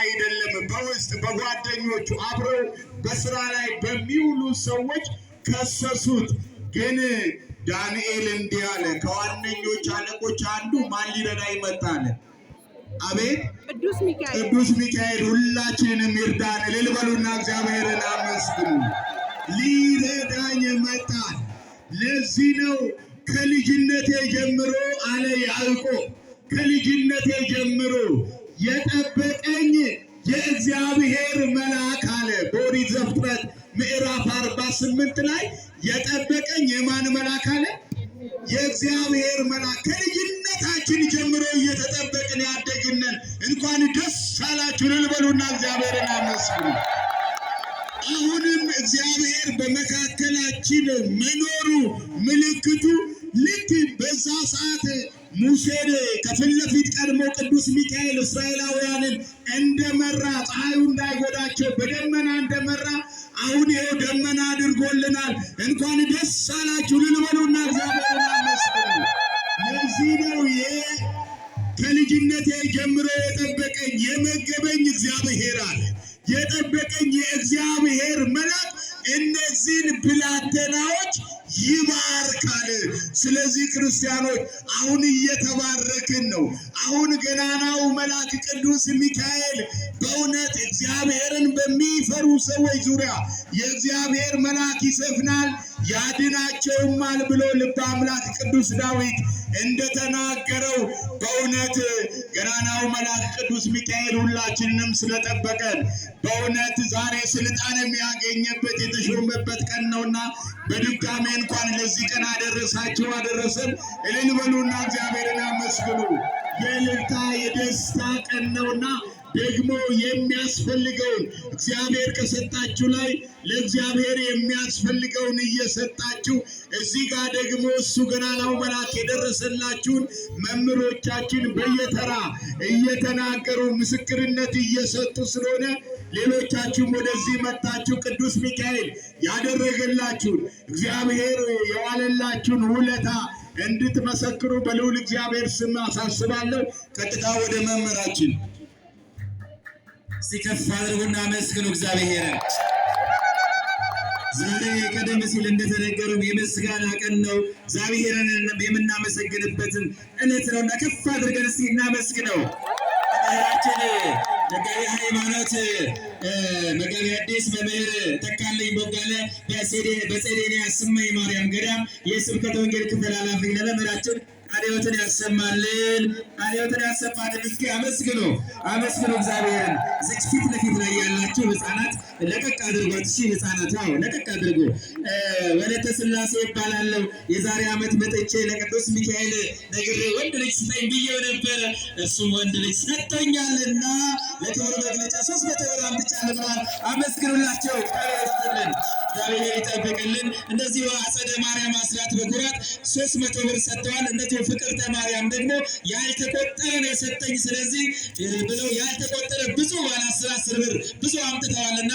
አይደለም በውስጥ በጓደኞቹ አብረው በስራ ላይ በሚውሉ ሰዎች ከሰሱት። ግን ዳንኤል እንዲህ አለ፣ ከዋነኞች አለቆች አንዱ ማን ሊረዳ ይመጣል? አቤት ቅዱስ ሚካኤል ሁላችንም ይርዳን። እልል በሉና እግዚአብሔርን አመስግኑ። ሊረዳኝ መጣል። ለዚህ ነው ከልጅነቴ ጀምሮ አለ ያዕቆብ ከልጅነቴ ጀምሮ የጠበቀኝ የእግዚአብሔር መልአክ አለ። በኦሪት ዘፍጥረት ምዕራፍ አርባ ስምንት ላይ የጠበቀኝ የማን መልአክ አለ? የእግዚአብሔር መልአክ። ከልጅነታችን ጀምሮ እየተጠበቅን ያደግነን እንኳን ደስ አላችሁ ልበሉና እግዚአብሔርን አመስግኑ። አሁንም እግዚአብሔር በመካከላችን መኖሩ ምልክቱ ልክ በዛ ሰዓት ሙሴን ከፊት ለፊት ቀድሞ ቅዱስ ሚካኤል እስራኤላውያንን እንደመራ ፀሐዩ እንዳይጎዳቸው በደመና እንደመራ አሁን ይኸው ደመና አድርጎልናል። እንኳን ደስ አላችሁ ልንበሉና እግዚአብሔር ለዚህ ነው ይሄ ከልጅነቴ ጀምሮ የጠበቀኝ የመገበኝ እግዚአብሔር አለ የጠበቀኝ የእግዚአብሔር መልአክ እነዚህን ብላቴናዎች ክርስቲያኖች አሁን እየተባረክን ነው። አሁን ገናናው መልአክ ቅዱስ ሚካኤል በእውነት እግዚአብሔርን በሚፈሩ ሰዎች ዙሪያ የእግዚአብሔር መልአክ ይሰፍናል ያድናቸውማል ብሎ ልበ አምላክ ቅዱስ ዳዊት እንደተናገረው በእውነት ገናናው መልአክ ቅዱስ ሚካኤል ሁላችንንም ስለጠበቀን በእውነት ዛሬ ስልጣን የሚያገኘበት የተሾመበት ቀን ነውና በድጋሜ እንኳን ለዚህ ቀን አደረሳቸው አደረሰን እልል በሉና እግዚአብሔርን አመስግኑ። የእልልታ የደስታ ቀን ነውና ደግሞ የሚያስፈልገውን እግዚአብሔር ከሰጣችሁ ላይ ለእግዚአብሔር የሚያስፈልገውን እየሰጣችሁ እዚህ ጋር ደግሞ እሱ ገናናው መልአክ የደረሰላችሁን መምህሮቻችን በየተራ እየተናገሩ ምስክርነት እየሰጡ ስለሆነ ሌሎቻችሁም ወደዚህ መጥታችሁ ቅዱስ ሚካኤል ያደረገላችሁን እግዚአብሔር የዋለላችሁን ውለታ እንድትመሰክሩ በልዑል እግዚአብሔር ስም አሳስባለሁ። ቀጥታ ወደ መምህራችን ሲከፍ አድርጉና መስግኑ እግዚአብሔርን። ዛሬ ቀደም ሲል እንደተነገረው የምስጋና ቀን ነው። እግዚአብሔርን የምናመሰግንበትን እለት ነው እና ከፍ አድርገን እስኪ እናመስግነው። መጋቤ ሃይማኖት መጋቤ አዲስ መምህር ተካልኝ ቦጋለ በሴዴ በጼዴንያ ስማይ ማርያም ገዳም የስብከተ ወንጌል ክፍል ኃላፊ ለመምህራችን አሪዮትን ያሰማልን፣ አሪዮትን ያሰማልን። እስኪ አመስግኑ፣ አመስግኑ እግዚአብሔርን። እዚህ ፊት ለፊት ላይ ያላችሁ ህፃናት ለቀቅ አድርጓት። እሺ ህፃናት፣ ው ለቀቅ አድርጉ። ወለተ ስላሴ ይባላለሁ። የዛሬ አመት መጥቼ ለቅዱስ ሚካኤል ነግሬ ወንድ ልጅ ስጠኝ ብዬው ነበረ። እሱም ወንድ ልጅ ሰጥቶኛልና ለክብር መግለጫ ሶስት መቶ ብር አምጥቻለሁ። አመስግኑላቸው። እግዚአብሔር ይጠብቅልን። እነዚሁ አጸደ ማርያም አስራት በኩራት ሶስት መቶ ብር ሰጥተዋል። እነዚሁ ፍቅርተ ማርያም ደግሞ ያልተቆጠረ ነው የሰጠኝ ስለዚህ ብለው ያልተቆጠረ ብዙ ባለ አስር አስር ብር ብዙ አምጥተዋል እና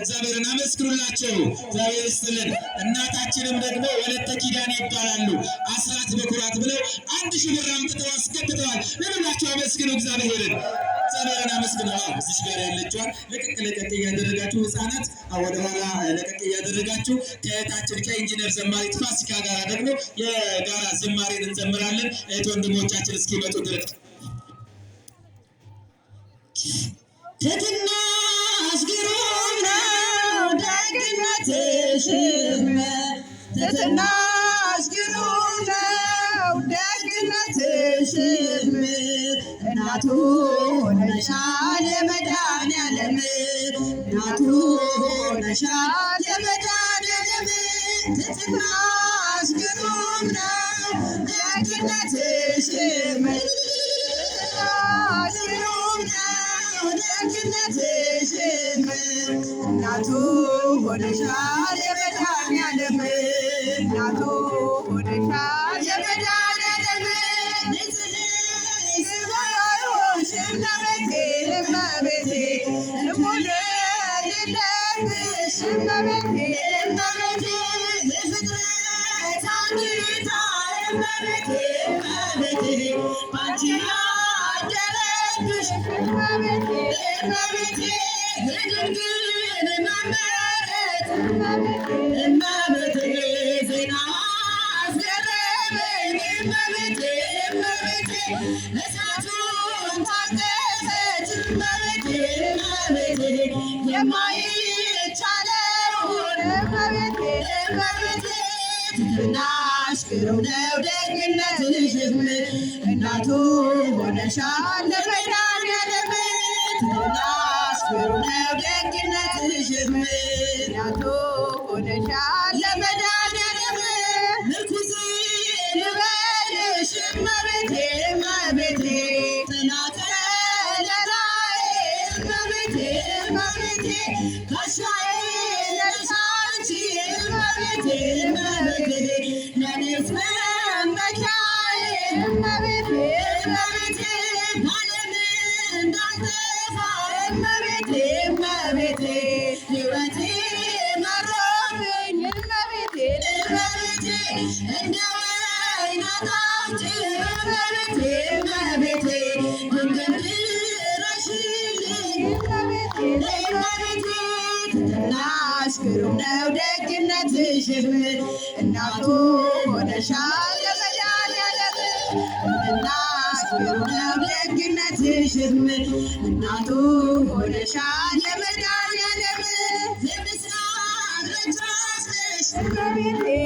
እግዚአብሔርን አመስግኑላቸው። እግዚአብሔር ይስጥልን። እናታችንም ደግሞ ወለተ ኪዳን ይባላሉ። አስራት በኩራት ብለው አንድ ሺህ ብር አምጥተው አስገብተዋል። ለምላቸው አመስግኑ እግዚአብሔርን። እግዚአብሔርን አመስግነዋ። እዚች ጋር ለቀቅ እያደረጋችሁ ህፃናት ወደኋላ ለቀቅ እያደረጋችሁ ከእህታችን ከኢንጂነር ዘማሪት ፋሲካ ጋር ደግሞ የጋራ ዝማሬን እንዘምራለን። እህት ወንድሞቻችን እስኪመጡ ድረስ ትትና ትትና ሆነሻል የመድኃኔዓለም እናቱ ሆነሻል የመድኃኔዓለም እናቱ ሆነሻል የመድኃኔዓለም እመቤቴ እመቤቴ እመቤቴ እመቤቴ እሳቱን ታገሰች ትትናሽ ግሩም ነው ነው ደግነትሽም እናቱ ሆነሻል ለመድኃኒዓለም ግሩም ነው ደግነትሽ እናቱ ሆነሻል ለመድኃኒዓለም እናት ግሩም ነው